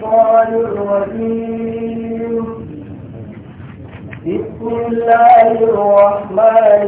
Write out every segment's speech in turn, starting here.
الشيطان الرجيم بسم الله الرحمن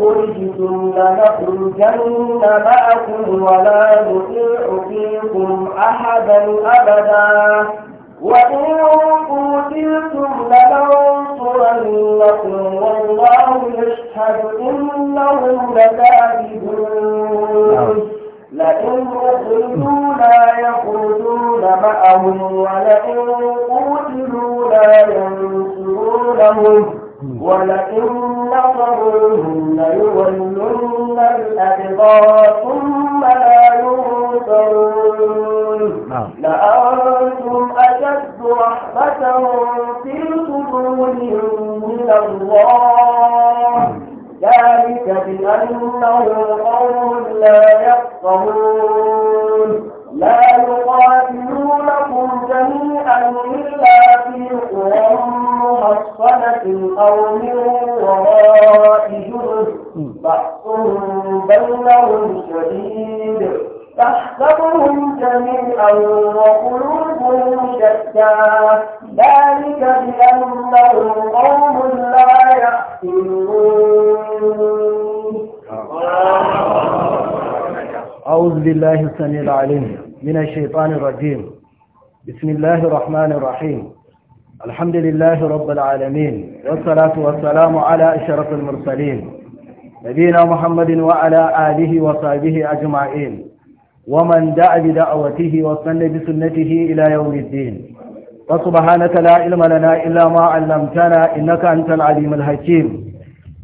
نخرج لنخرجن معكم ولا نطيع فيكم أحدا أبدا وإن قتلتم لننصرنكم والله يشهد إنهم لكاذبون نعم. لئن أخرجوا لا يخرجون معهم ولئن قتلوا لا ينصرونهم ولئن نظرهم ليولون الأدبار ثم لا ينصرون نعم. لأنتم أشد رحمة في صدورهم من الله ذلك بأنهم قوم لا يفقهون لا يقاتلونكم جميعا إلا في قرى محصنة أو من وراء جهد بأسهم بينهم شديد تحسبهم جميعا وقلوبهم شتى ذلك بأنهم قوم لا يحسنون أعوذ بالله السميع العليم من الشيطان الرجيم بسم الله الرحمن الرحيم الحمد لله رب العالمين والصلاة والسلام على أشرف المرسلين نبينا محمد وعلى آله وصحبه أجمعين ومن دعا بدعوته وصن بسنته إلى يوم الدين وسبحانك لا علم لنا إلا ما علمتنا إنك أنت العليم الحكيم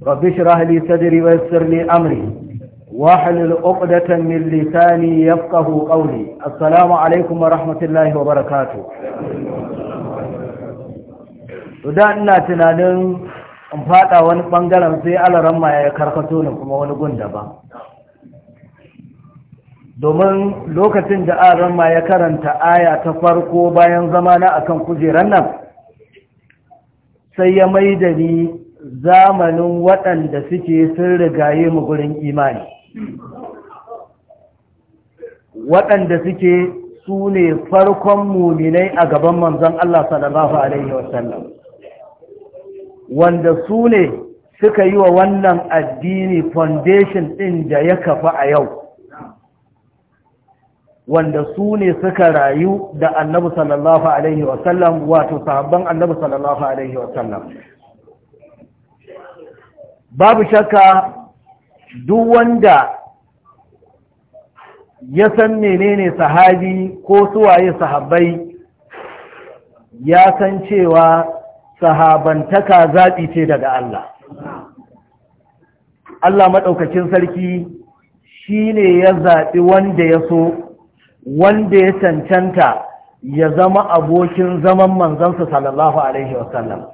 رب اشرح لي صدري ويسر لي أمري واحلل عقدة من لساني يفقه قولي السلام عليكم ورحمة الله وبركاته da ina tunanin in fada wani bangaren sai alaran ma ya karkato ni kuma wani gun daban domin lokacin da alaran ma ya karanta aya ta farko bayan zama na akan kujeran nan sai ya mai da ni zamanin waɗanda suke sun rigaye mu gurin imani waɗanda suke su ne farkon muminai a gaban manzan Allah sallallahu alaihi wasallam wanda su ne suka yi wa wannan addini foundation ɗin da ya kafa a yau wanda su ne suka rayu da Annabu sallallahu alaihi wasallam wato sahabban Annabu sallallahu alaihi wasallam babu shakka duk wanda ya san menene sahabi ko suwaye sahabbai ya san cewa sahabantaka zaɓi ce daga Allah Allah maɗaukacin sarki shi ne ya zaɓi wanda ya so wanda ya cancanta ya zama abokin zaman manzansa sallallahu alaihi wasallam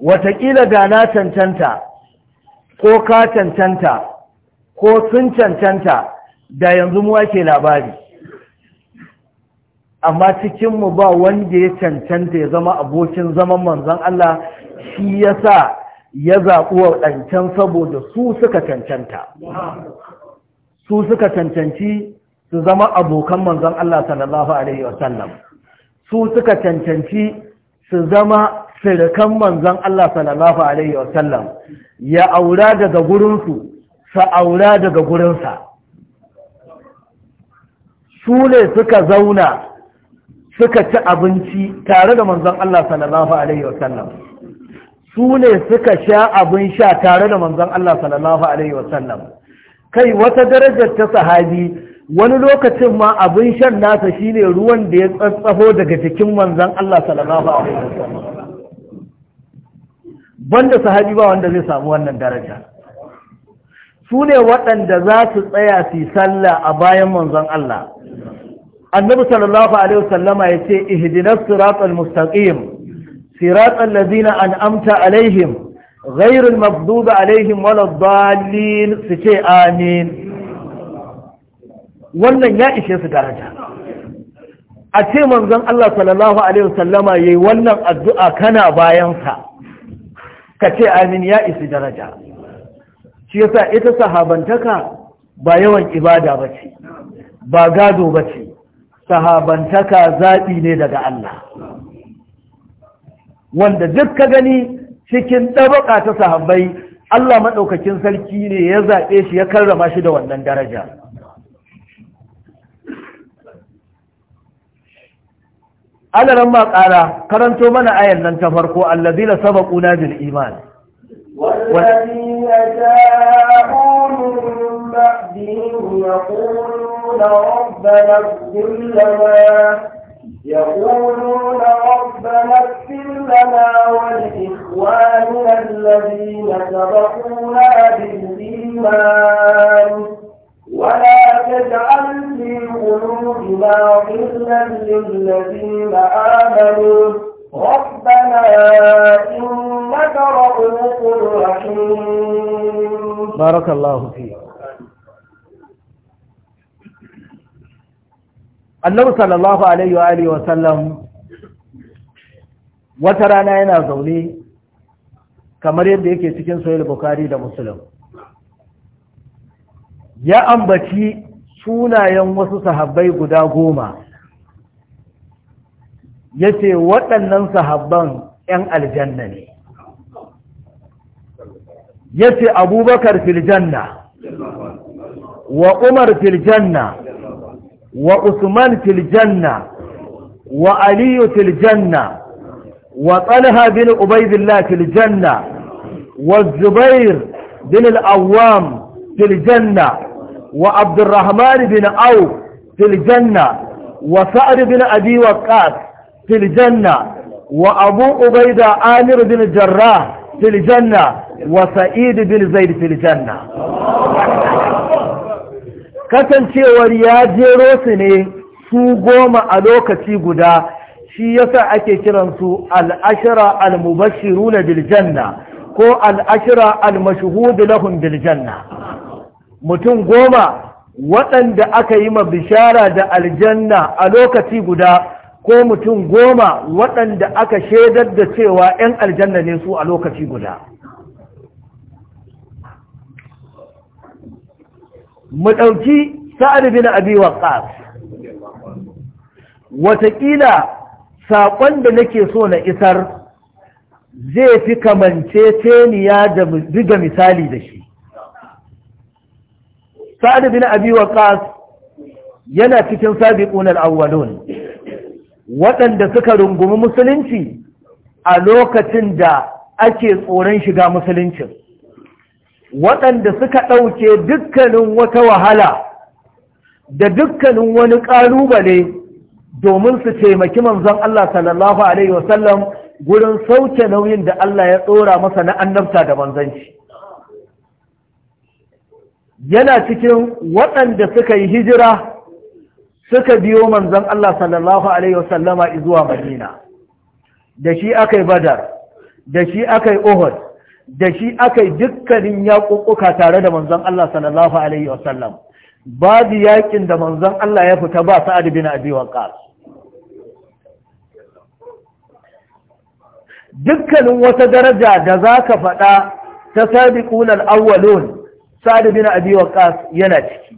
watakila da na cancanta ko ka cancanta ko sun cancanta da yanzu mu ake labari amma cikinmu ba wanda ya cancanta ya zama abokin zaman manzon Allah shi ya sa ya zaɓi ɗancan saboda su suka cancanta su suka cancanci su zama abokan manzon Allah sallallahu Alaihi wasallam su suka cancanci su zama sirikan manzon Allah sallallahu alaihi wasallam ya aura daga gurinsu sa aura daga gurinsa su ne suka zauna suka ci abinci tare da manzon Allah sallallahu alaihi wasallam su ne suka sha abin sha tare da manzon Allah sallallahu alaihi wasallam kai wata darajar ta sahabi wani lokacin ma abin shan nasa shine ruwan da ya tsatsaho daga jikin manzon Allah sallallahu alaihi wasallam banda sahabi ba wanda zai samu wannan daraja su ne waɗanda za su tsaya su sallah a bayan manzon Allah annabi sallallahu alaihi wasallama ya ce ihdinas siratal mustaqim siratal ladina an'amta alaihim ghairul maghdubi alaihim waladdallin su ce amin wannan ya ishe su daraja a ce manzon Allah sallallahu alaihi wasallama yayi wannan addu'a kana bayan sa ka ce amin ya isi daraja shi yasa ita sahabantaka ba yawan ibada ba ce ba gado ba ce sahabantaka zaɓi ne daga Allah wanda duk ka gani cikin ɗabaƙa ta sahabbai Allah maɗaukakin sarki ne ya zaɓe shi ya karrama shi da wannan daraja ألا لما قال karanto mana آية لن تفرقوا الذين سبقونا بالإيمان والذين جاءوا من بعدهم يقولون ربنا اغفر لنا يقولون ربنا اغفر لنا ولإخواننا الذين سبقونا بالإيمان ولا تجعل في قلوبنا غلا للذين آمنوا ربنا إنك رؤوف رحيم بارك الله فيك annabi sallallahu alaihi wa alihi wa sallam wata rana yana zaune kamar yadda yake cikin sahih bukhari da muslim ya ambaci sunayen wasu sahabbai guda goma ya ce waɗannan sahabban 'yan aljanna ne ya ce abubakar filjanna wa umar filjanna wa usman filjanna wa aliyu filjanna wa talha bin ubaidillah filjanna wa zubair bin al'awam filjanna وعبد الرحمن بن عوف في الجنة وسعد بن أبي وقاص في الجنة وأبو عبيدة عامر بن الجراح في الجنة وسعيد بن زيد في الجنة kasancewar ya jero su ne su goma a lokaci guda shi yasa ake kiransu al'ashira al-mubashiru na biljanna ko al'ashira al-mashuhudu lahun biljanna mutum goma waɗanda aka yi ma bishara da aljanna a lokaci guda ko mutum goma waɗanda aka shaidar da cewa 'yan aljanna ne su a lokaci guda mu ɗauki sa'ad bin abi ƙas. watakila saƙon da nake so na isar zai fi kamanceceniya da diga misali da shi sa'ad bin abi waqas yana cikin sabiqun al-awwalun waɗanda suka rungumi musulunci a lokacin da ake tsoron shiga musuluncin waɗanda suka ɗauke dukkanin wata wahala da dukkanin wani ƙalubale domin su taimaki manzon Allah sallallahu Alaihi wasallam gurin sauke nauyin da Allah ya tsora masa na annabta da manzanci yana cikin waɗanda suka yi hijira suka biyo manzon Allah sallallahu alaihi wasallama zuwa Madina da shi akai Badar da shi akai Uhud da shi akai dukkanin yaƙuƙuka tare da manzon Allah sallallahu alaihi wasallam da yaƙin da manzon Allah ya fita ba Sa'ad bin Abi Waqqas dukkanin wata daraja da zaka faɗa ta sabiqunal awwalun sa'ad bin abi waqas yana ciki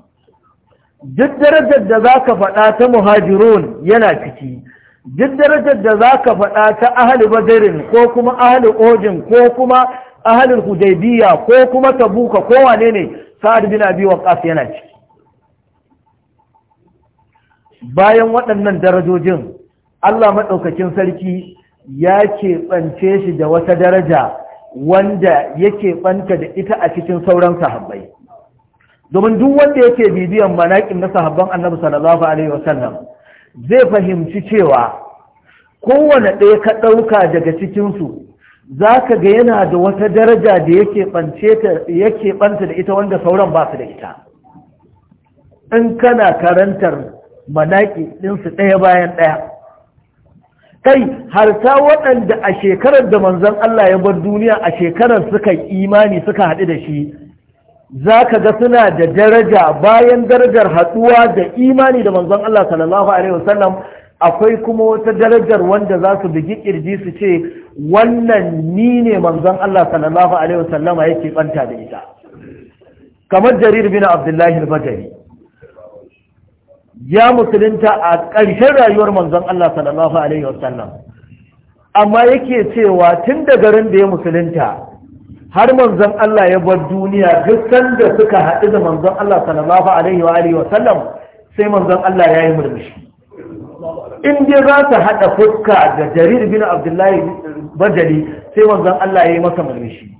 duk darajar da za ka faɗa ta muhajirun yana ciki duk darajar da za ka faɗa ta ahli badrin ko kuma ahli ojin ko kuma ahli hudaybiya ko kuma tabuka ko wane ne sa'ad bin abi waqas yana ciki bayan waɗannan darajojin Allah maɗaukakin sarki ya keɓance shi da wata daraja wanda yake banta da ita a cikin sauran sahabbai domin duk wanda yake bibiyan manaƙin na sahabban annabi sallallahu alaihi wasallam zai fahimci cewa kowane ɗaya ka ɗauka daga cikinsu za ka ga yana da wata daraja da yake banta da ita wanda sauran ba su da ita in kana karantar manaƙi ɗinsu ɗaya bayan ɗaya kai har ta waɗanda a shekarar da manzon Allah ya bar duniya a shekarar suka imani suka haɗu da shi za ka ga suna da daraja bayan darajar haɗuwa da imani da manzon Allah sallallahu alaihi wasallam akwai kuma wata darajar wanda za su bugi kirji su ce wannan ni ne manzon Allah sallallahu alaihi wasallama yake banta da ita kamar jarir bin abdullahi al-badari ya musulunta a ƙarshen rayuwar manzon Allah sallallahu alaihi wasallam amma yake cewa tun da garin da ya musulunta har manzon Allah ya bar duniya duk sanda suka haɗu da manzon Allah sallallahu alaihi wa wasallam sai manzon Allah ya yi murmushi in dai za ta haɗa fuska da jarir bin abdullahi bajali sai manzon Allah ya yi masa murmushi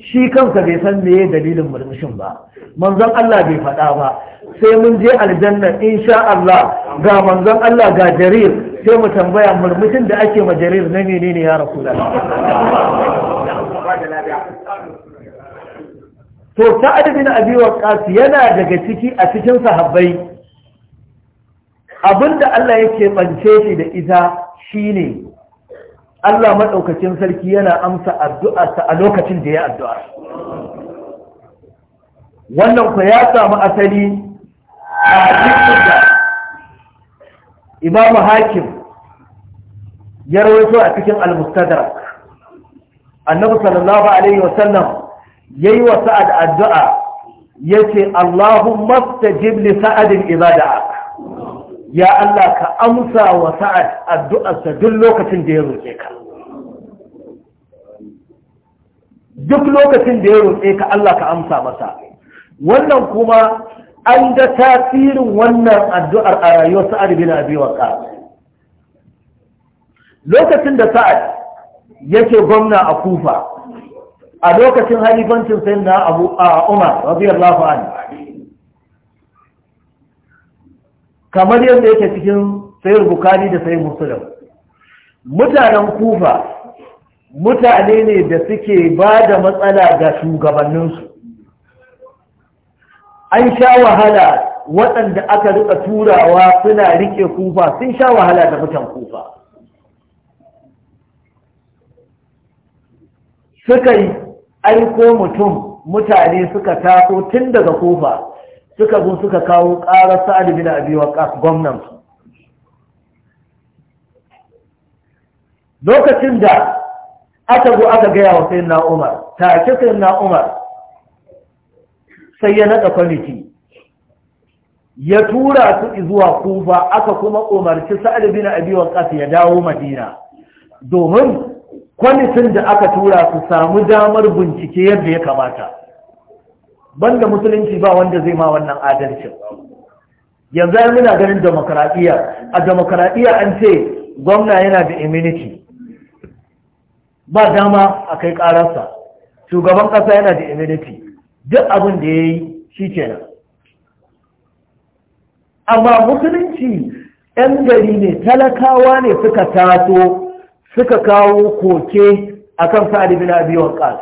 shi kansa bai san meye dalilin murmushin ba manzon Allah bai faɗa ba sai mun je aljanna insha Allah ga manzon Allah ga jarir sai mu tambaya murmushin da ake ma jarir na menene ya rasulullah to sa'ad bin abi yana daga ciki a cikin sahabbai abinda Allah yake bance shi da ita shine Allah maɗaukacin sarki yana amsa addu'arsa a lokacin da ya addu'a. Wannan ku ya samu asali a Imam Hakim ya rawaito a cikin Al-Mustadrak Annabi sallallahu alaihi wasallam yi wa Sa'ad addu'a ya ce Allahumma stajib li Sa'ad ibada'ak ya Allah ka amsa wa Sa'ad addu'arsa duk lokacin da ya roƙe ka duk lokacin da ya roƙe ka Allah ka amsa masa wannan kuma an ga tasirin wannan addu'ar a rayuwar sa'ad bin abi waqas lokacin da sa'ad yake gwamna a kufa a lokacin halifancin sai na abu a umar radiyallahu anhu kamar yadda yake cikin sayar bukari da sayar musulun mutanen kufa mutane ne da suke ba da matsala ga shugabanninsu an sha wahala waɗanda aka rika turawa suna rike kufa sun sha wahala da mutan kufa suka yi aiko mutum mutane suka taso tun daga kufa suka zo suka kawo ƙarar sa'ad bin abi waqas gwamnan lokacin da aka zo aka gaya wa sayyidina Umar take sayyidina Umar sai ya naɗa kwamiti ya tura su zuwa kufa aka kuma umarci sa'ad bin abi ƙasa ya dawo madina domin kwamitin da aka tura su samu damar bincike yadda ya kamata banda musulunci ba wanda zai ma wannan adalcin yanzu ya muna ganin demokradiyya a demokradiyya an ce gwamna yana da immunity ba dama a kai ƙararsa shugaban ƙasa yana da immunity duk abin da ya yi shi kenan amma musulunci 'yan gari ne talakawa ne suka taso suka kawo koke a kan sa'ad bin abi waqas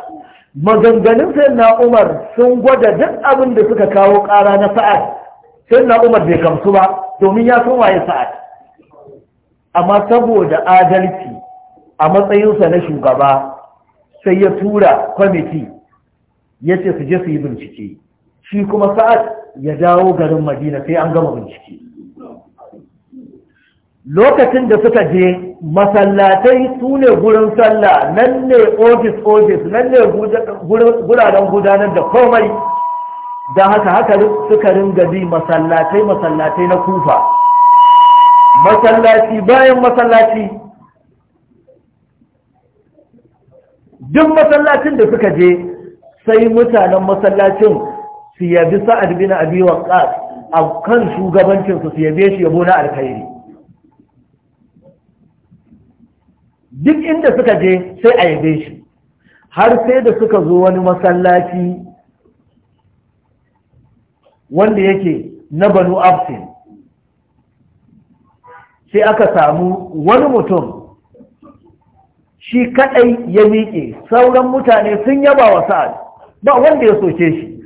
maganganun na Umar sun gwada duk abin da suka kawo ƙara na sa'ad na Umar bai gamsu ba domin ya san waye sa'ad amma saboda adalci a matsayinsa na shugaba sai ya tura kwamiti ya ce su je su yi bincike shi kuma sa'ad ya dawo garin madina sai an gama bincike lokacin da suka je masallatai su ne gurin sallah nan ne ofis-ofis nan ne guraren gudanar da komai da haka haka suka ringa bi masallatai-masallatai na kufa masallaci bayan masallaci duk masallacin da suka je sai mutanen masallacin su yabi sa'ad bin abi waqqas a kan shugabancinsu su yabe shi yabo na alkhairi duk inda suka je sai a yabe shi har sai da suka zo wani masallaci wanda yake na banu absin sai aka samu wani mutum shi kaɗai ya miƙe sauran mutane sun yaba wa sa'ad ba wanda ya soke shi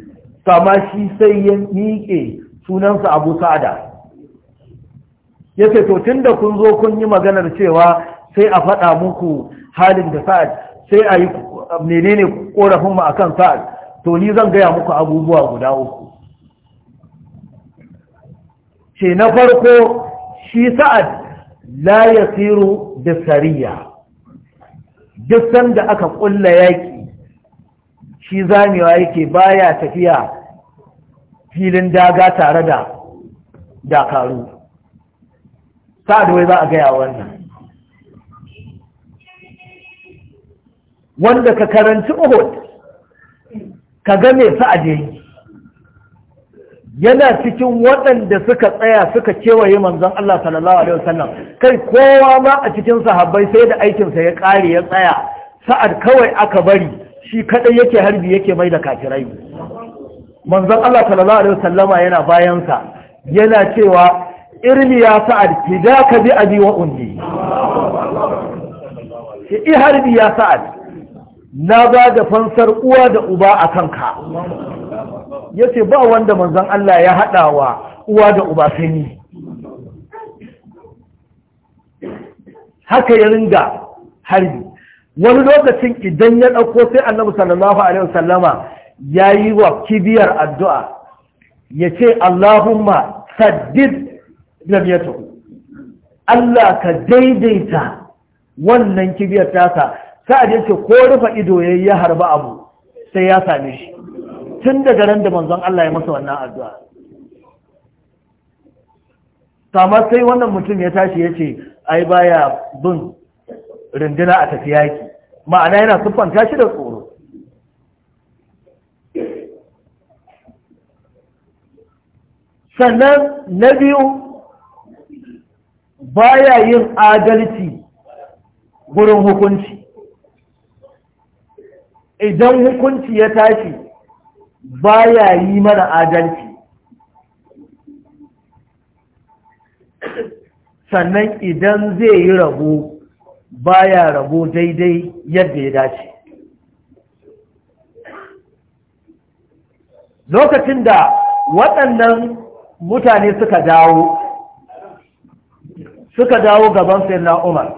kama shi sai ya miƙe sunansa abu sa'ada ya ce to tunda kun zo kun yi maganar cewa sai a faɗa muku halin da sa'ad sai a yi menene korafin mu akan sa'ad to ni zan gaya muku abubuwa guda uku ce na farko shi sa'ad la yasiru bisariya duk sanda aka ƙulla yaƙi shi zamewa yake baya tafiya filin daga tare da dakaru wai za a gaya wannan wanda ka karanci uhud ka game sa'ade yana cikin waɗanda suka tsaya suka kewaye manzon Allah sallallahu alaihi wasallam kai kowa ma a cikin sahabbai sai da aikinsa ya ƙare ya tsaya sa'ad kawai aka bari shi kaɗai yake harbi yake mai da kafirai manzon Allah sallallahu alaihi wasallama yana bayansa yana cewa irmi ya sa'ad fidaka bi abi wa ummi shi harbi ya sa'ad na ba da fansar uwa da uba a kanka yace ba wanda manzon Allah ya haɗa wa uwa da uba sai ni haka ya ringa harbi wani lokacin idan ya ɗauko sai annabi sallallahu alaihi wasallama ya yi wa kibiyar addu'a ya ce Allahumma saddid ramiyatu Allah ka daidaita wannan kibiyar tasa sa'ad ce ko rufe ido ya ya harba abu sai ya same shi tun daga nan da manzon Allah ya masa wannan addu'a sama sai wannan mutum ya tashi ya ce ai baya bin rinduna a tafi yaki ma'ana yana siffanta shi da tsoro sannan na biyu baya yin adalci gurin hukunci idan hukunci ya tashi baya yi mana adalci sannan idan zai yi rabo baya rabo daidai yadda ya dace lokacin da waɗannan mutane suka dawo suka dawo gaban sayyidina umar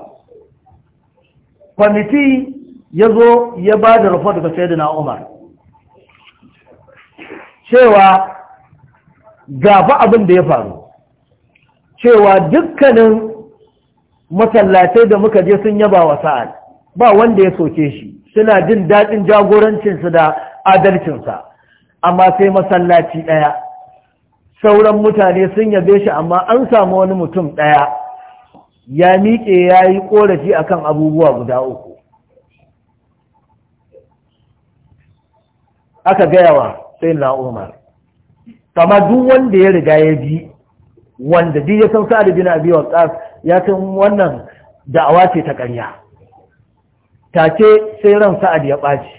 kwamiti ya zo ya ba da rufo daga sayyidina umar cewa gaba abin da ya faru cewa dukkanin masallatai da muka je sun yaba wa sa'ad ba wanda ya soke shi suna jin daɗin jagorancinsa da adalcinsa amma sai masallaci ɗaya sauran mutane sun yabe shi amma an samu wani mutum ɗaya ya miƙe ya yi ƙorafi a kan abubuwa guda uku aka gaya wa sai na umar kama duk wanda ya riga ya bi wanda duk ya san sa'ad bin abi ƙas ya san wannan da'awa ce ta ƙarya take sai ran sa'ad ya ɓaci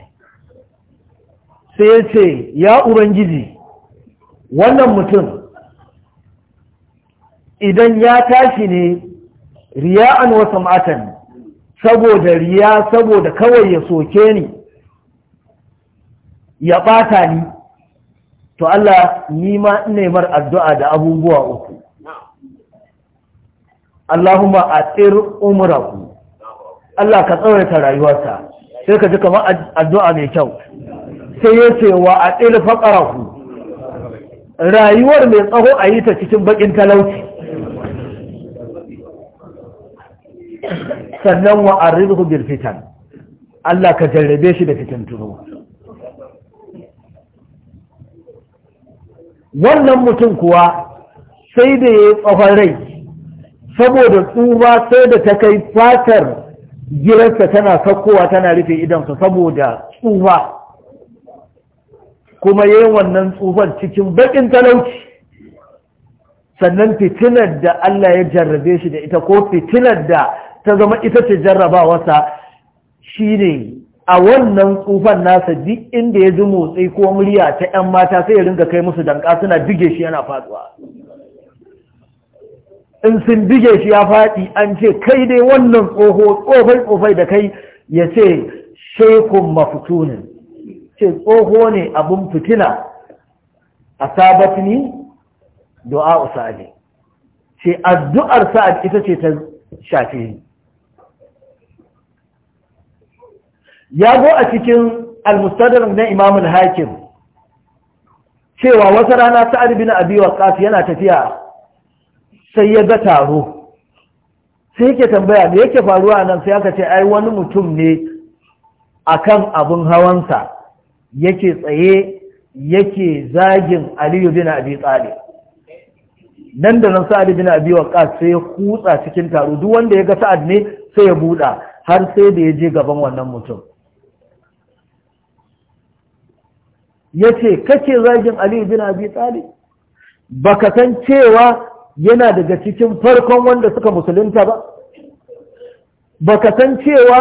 sai ya ce ya ubangiji wannan mutum idan ya tashi ne riya an wasu matan saboda riya saboda kawai ya soke ni ya ɓata ni to Allah ni ma nima mar addu'a da abubuwa uku Allahumma tsir umuraku Allah ka tsawaita rayuwarsa sai ka ji kamar addu'a mai kyau sai ya ce wa a atir faqarahu rayuwar mai tsaho a yi ta cikin baƙin talauci sannan wa arrizhu bil birfitan, Allah ka jarrabe shi da tuno, wannan mutum kuwa sai da ya tsohon rai saboda tsufa sai da ta kai fatar girarsa tana saukowa, tana rufe idansa saboda tsufa kuma yayin wannan tsufan cikin bakin talauci sannan fitinar da Allah ya jarrabe shi da ita ko fitinar da ta zama ita ce jarrabawarsa ne, a wannan tsufan nasa duk inda ya ji motsi ko murya ta 'yan mata sai ya ringa kai musu danka suna duge shi yana faduwa in sun bige shi ya faɗi an ce kai dai wannan tsoho tsofai tsofai da kai ya ce shekun mafutunin ce tsoho ne abin fitina a sabatini du'a usali ce addu'ar sa'ad ita ce ta shafe ni ya zo a cikin almustadar na imam hakim cewa wata rana sa'ad bin abi waqas yana tafiya sai ya ga taro sai yake tambaya me yake faruwa nan sai aka ce ai wani mutum ne akan abin hawansa yake tsaye yake zagin aliyu bin abi tsali nan da nan sa'ad bin abi waqqas sai ya kutsa cikin taro duk wanda ya ga sa'ad ne sai ya buɗa har sai da ya je gaban wannan mutum yace 'Kake zagin aliyu bin abi tsali baka san cewa yana daga cikin farkon wanda suka musulunta ba baka san cewa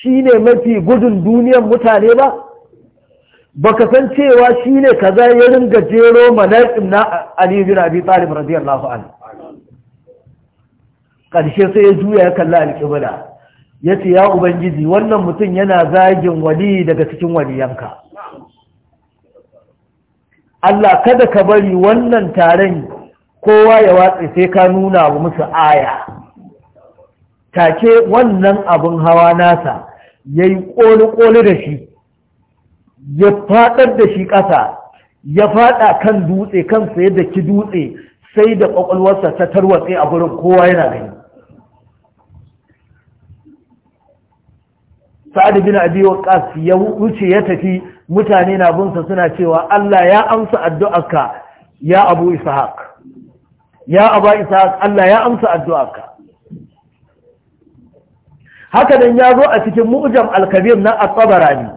shi ne mafi gudun duniyan mutane ba baka san cewa shi ne kaza ya ringa jero na Ali bin Abi Talib radiyallahu anhu ƙarshe sai ya juya ya kalla alƙibla ya ce ya ubangiji wannan mutum yana zagin wali daga cikin waliyanka Allah kada ka bari wannan taron kowa ya watse sai ka nuna wa musu aya take wannan abin hawa nasa ya yi ƙoli-ƙoli da shi ya faɗar da shi ƙasa ya faɗa kan dutse kansa yadda ki dutse sai da ƙwaƙwalwarsa ta tarwatse a gurin kowa yana gani sa'ad bin abi waqas ya wuce ya tafi mutane na bunsa suna cewa Allah ya amsa addu'arka ya Abu Ishaq ya aba isa Allah ya amsa addu'arka haka dan ya zo a cikin mu'jam al na at-tabarani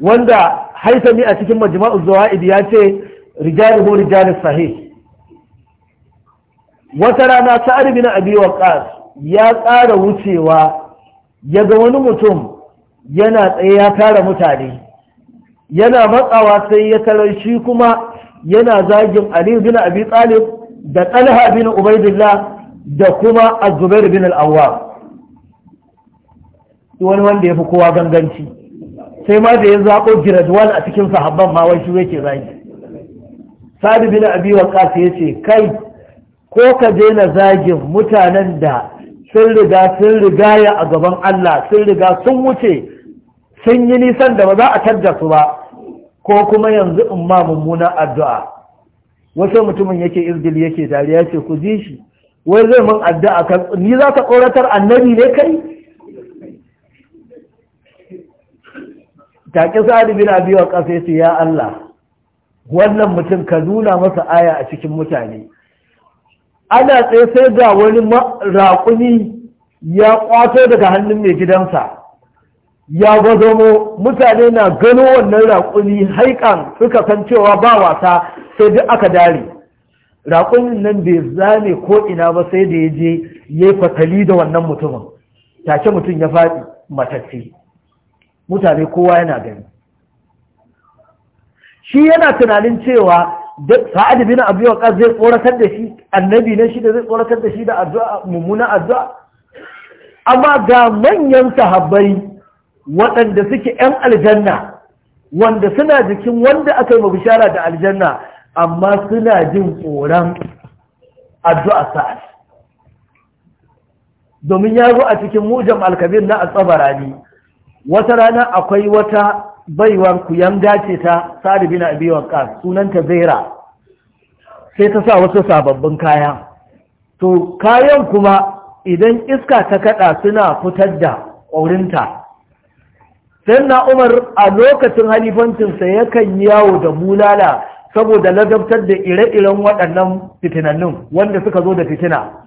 wanda haitami a cikin majma'u zawaid ya ce rijaluhu rijalus sahih wata rana sa'ad bin abi waqas ya tsara wucewa ya ga wani mutum yana tsaye ya tara mutane yana matsawa sai ya tarar shi kuma yana zagin ali bin abi talib da talha bin ubaidillah da kuma azubair bin al'awwa wani wanda ya fi kowa ganganci sai ma da ya zaɓo giradwan a cikin sahabban ma wai shi yake zagi Sadi bin abi ya ce, kai ko ka daina zagin mutanen da sun riga sun riga ya a gaban Allah sun riga sun wuce sun yi nisan da ba za a tadda su ba ko kuma yanzu in ma mummuna addu'a wasu mutumin yake izgil yake dariya ce ku ji shi wai zai mun addu'a kan ni za ka tsoratar annabi ne kai Ta ƙi sa'adu bin abi wa ƙasa ya ya Allah wannan mutum ka nuna masa aya a cikin mutane ana tsaye sai ga wani raƙumi ya ƙwato daga hannun mai gidansa ya mu mutane na gano wannan raƙuni haikan suka san cewa ba wasa sai duk aka dare raƙunin nan bai zame ko ina ba sai da ya je ya yi fatali da wannan mutumin take mutum ya faɗi matatti mutane kowa yana gani shi yana tunanin cewa sa'adu bin abu yau zai tsoratar da shi annabi na shi da zai tsoratar da shi da mummuna addu'a amma ga manyan sahabbai waɗanda suke 'yan aljanna wanda suna jikin wanda aka yi bishara da aljanna amma suna jin tsoron addu'a sa'ad domin ya zo a cikin mujam alkabir na ne wata rana akwai wata baiwar 'yan gace ta sa'ad bin abi waqas sunanta zaira sai ta sa wasu sababbin kaya to kayan kuma idan iska ta kaɗa, suna fitar da ƙaurinta na umar a lokacin halifancinsa yakan yawo da bulala saboda ladabtar da ire-iren waɗannan fitinannin, wanda suka zo da fitina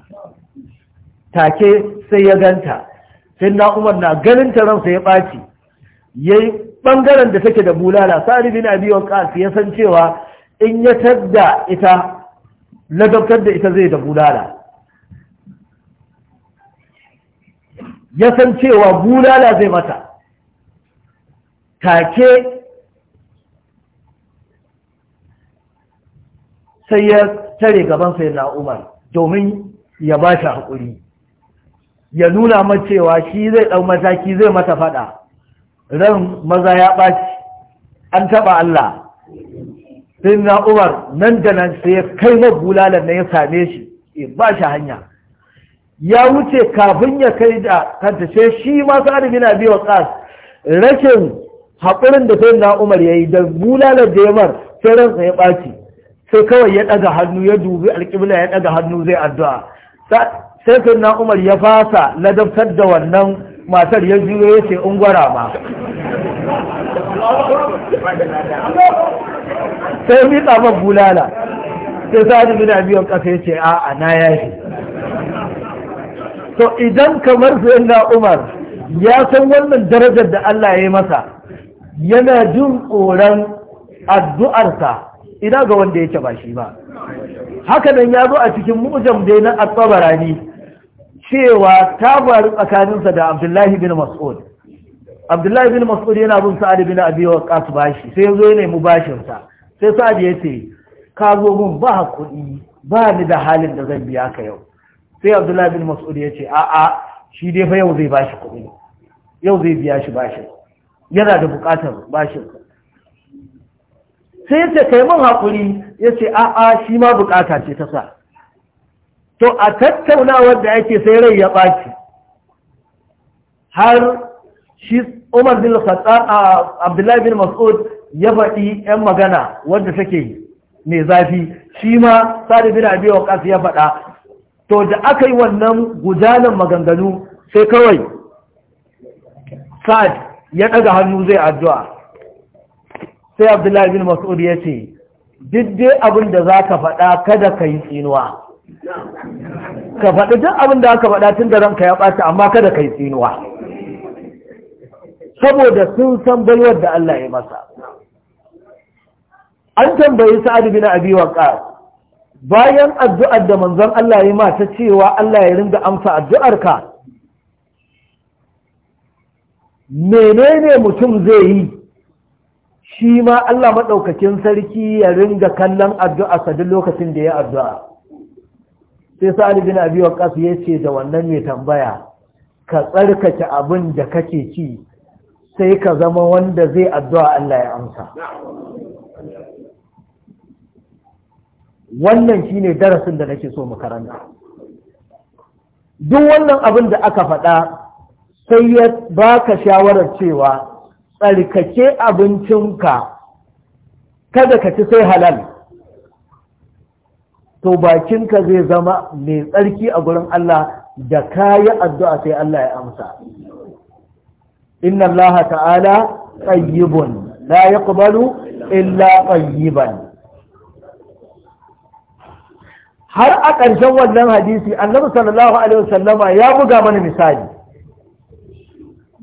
take sai ya ganta na umar na ganin ransa ya ɓaci ya yi ɓangaren da take da bulala sa'ad bin abi waqas ya san cewa in ya tadda ita ladabtar da ita zai da bulala ya san cewa bulala zai mata take sai ya tare gaban sai na umar domin ya ba shi haƙuri ya nuna macewa. shi zai ɗau mataki zai mata faɗa ran maza ya ɓaci an taɓa Allah sai na umar nan da nan sai ya kai na bulalar na ya same shi ya ba shi hanya ya wuce kafin ya kai da kanta sai shi ma sa'adu bin abi waqas rashin haƙurin da sai na umar ya yi da bulalar da yamar sai ransa ya ɓaci sai kawai ya ɗaga hannu ya dubi alƙibla ya ɗaga hannu zai addu'a sai sai na umar ya fasa ladabtar da wannan matar ya juyo ya ce ungwara ma sai miƙa man bulala sai sa'adu bin abiyan ƙasa ya ce a'a na yashi to idan kamar sai na umar ya san wannan darajar da Allah ya yi masa yana jin tsoron addu'arsa ina ga wanda yake ba shi ba Hakanan nan ya zo a cikin mu'jam dai na at cewa ta faru tsakaninsa da Abdullahi bin Mas'ud Abdullahi bin Mas'ud yana bin Sa'ad bin Abi Waqqas bashi sai yazo ya mu bashin ta. sai Sa'ad ya ce ka zo mun ba kuɗi ba ni da halin da zan biya ka yau sai Abdullahi bin Mas'ud ya ce a'a shi dai fa yau zai bashi kuɗi yau zai biya shi bashin yana da buƙatar bashin sai ya ce kai min haƙuri ya ce a'a shi ma buƙata ce ta sa to a tattaunawar da ake sai rai ya ɓaci har shi umar bin khattab abdullahi bin mas'ud ya faɗi 'yan magana wanda take mai zafi shi ma sadi bin abi waqas ya faɗa to da aka yi wannan gudanar maganganu sai kawai sa'ad ya ɗaga hannu zai addu'a sai abdullahi bin mas'ud ya ce duk dai abin da za ka faɗa kada ka yi tsinuwa ka faɗi duk abin da aka faɗa tun da ranka ya ɓata, amma kada ka yi tsinuwa saboda sun san baiwar da Allah ya masa an tambayi sa'ad bin abi waqas bayan addu'ar da manzon Allah ya yi mata cewa Allah ya rinda amsa addu'arka menene mutum zai yi shi ma Allah maɗaukakin sarki ya ringa kallon addu'a sadin lokacin da ya addu'a sai sa'ad bin abi ƙasa ya ce da wannan mai tambaya ka tsarkake abin da kake ci sai ka zama wanda zai addu'a Allah ya amsa wannan shi ne darasin da nake so mu duk wannan abin da aka faɗa sai ya ka shawarar cewa tsarkake abincinka kada ka ci sai halal to bakinka zai zama mai tsarki a gurin Allah da kayi addu'a sai Allah ya amsa inna Allah ta'ala tsayibun la kubaru illa tsayyiban har a ƙarshen wannan hadisi annabi sallallahu alaihi wasallama ya buga mana misali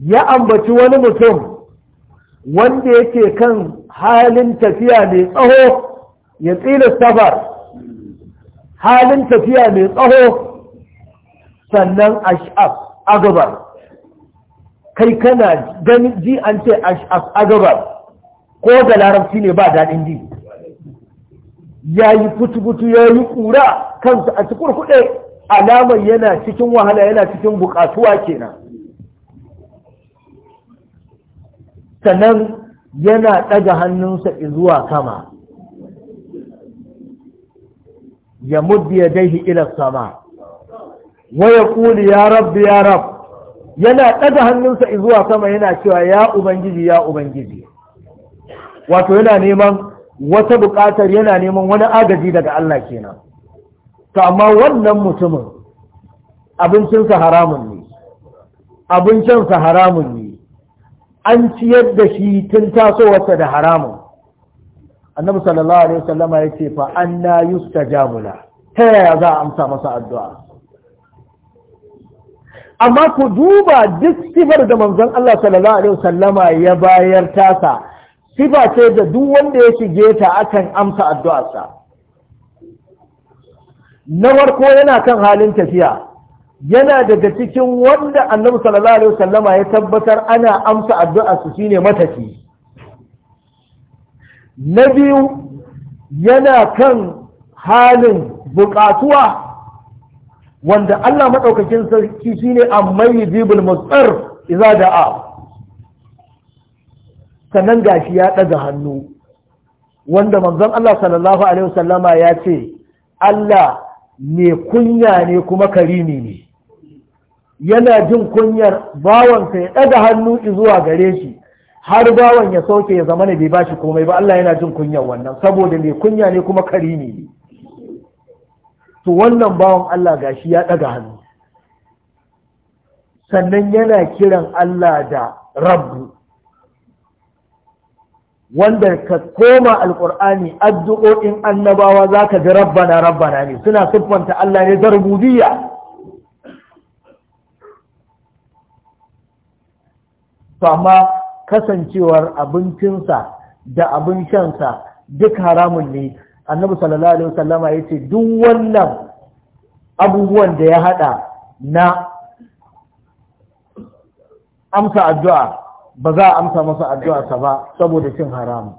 ya ambaci wani mutum wanda yake kan halin tafiya mai tsaho ya tsila safar halin tafiya mai tsaho sannan ash'af agabar kai kana gani ji an ce ash'af agabar ko da larabci ne ba daɗin ji ya yi butu ya yi ƙura kansa a cikin kuɗe alamar yana cikin wahala yana cikin buƙatuwa kenan sannan yana ɗaga hannunsa zuwa sama ya muddi ya daihi ila sama waya kuli ya rabbi ya rab yana ɗaga hannunsa zuwa sama yana cewa ya ubangiji ya ubangiji wato yana neman wata buƙatar yana neman wani agaji daga Allah kenan to amma wannan mutumin abincinsa haramun ne abincinsa haramun ne an ciyar da shi tun tasowarsa da haramun annabi sallallahu alaihi wasallama ya ce fa anna yusta jamula. ta yaya za a amsa masa addu'a amma ku duba duk sifar da manzon Allah sallallahu alaihi wasallama ya bayar tasa sifa ce da duk wanda ya shige ta akan amsa addu'arsa na farko yana kan halin tafiya yana daga cikin wanda annabi sallallahu alaihi wasallama ya tabbatar ana amsa addu'a su shine mataki. na biyu yana kan halin buƙatuwa wanda Allah maɗaukakin sarki shine amma yujibul mutsar idza da'a sannan gashi ya ɗaga hannu wanda manzon Allah sallallahu alaihi wasallama ya ce Allah ne kunya ne kuma karimi ne yana jin kunyar bawansa ya ɗaga hannu zuwa gare shi har bawan ya sauke ya zama bai bashi komai ba Allah yana jin kunyar wannan saboda mai kunya ne kuma karimi ne to wannan bawan Allah gashi ya ɗaga hannu sannan yana kiran Allah da rabbu wanda ka koma Alƙur'ani, addu'o'in annabawa za ka ji rabbana rabbana ne suna siffanta Allah ne da to amma kasancewar abincinsa da abin shansa duk haramun ne annabi sallallahu alaihi wasallama ya ce duk wannan abubuwan da ya hada na amsa addu'a ba za a amsa masa addu'arsa ba saboda cin haramun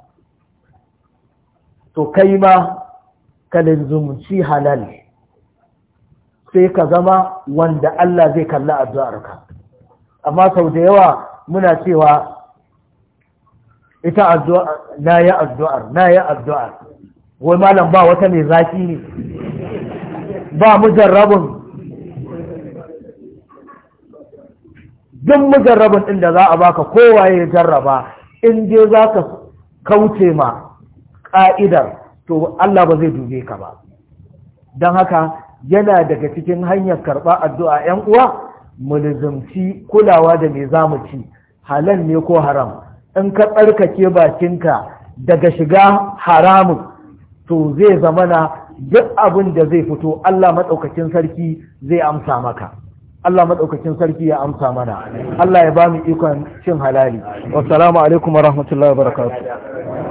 to kai ma ka zumunci halal sai ka zama wanda Allah zai kalla addu'arka amma sau da yawa muna cewa ita na ya addu'ar na ya addu'ar wai malam ba wata mai zafi ne ba mujarrabin duk mujarrabin ɗin da za a baka kowa ya jarraba in je za ka kauce ma ƙa'idar to Allah ba zai dube ka ba don haka yana daga cikin hanyar karɓa addu'a ‘yan uwa mulzumci kulawa da me za mu ci halal ne ko haram in ka tsarkake bakinka daga shiga haramun to zai zamana duk abin da zai fito Allah maɗaukacin sarki zai amsa maka Allah maɗaukacin sarki ya amsa mana Allah ya ba mu ikon cin halali wassalamu alaikum wa rahmatullahi wa barakatuh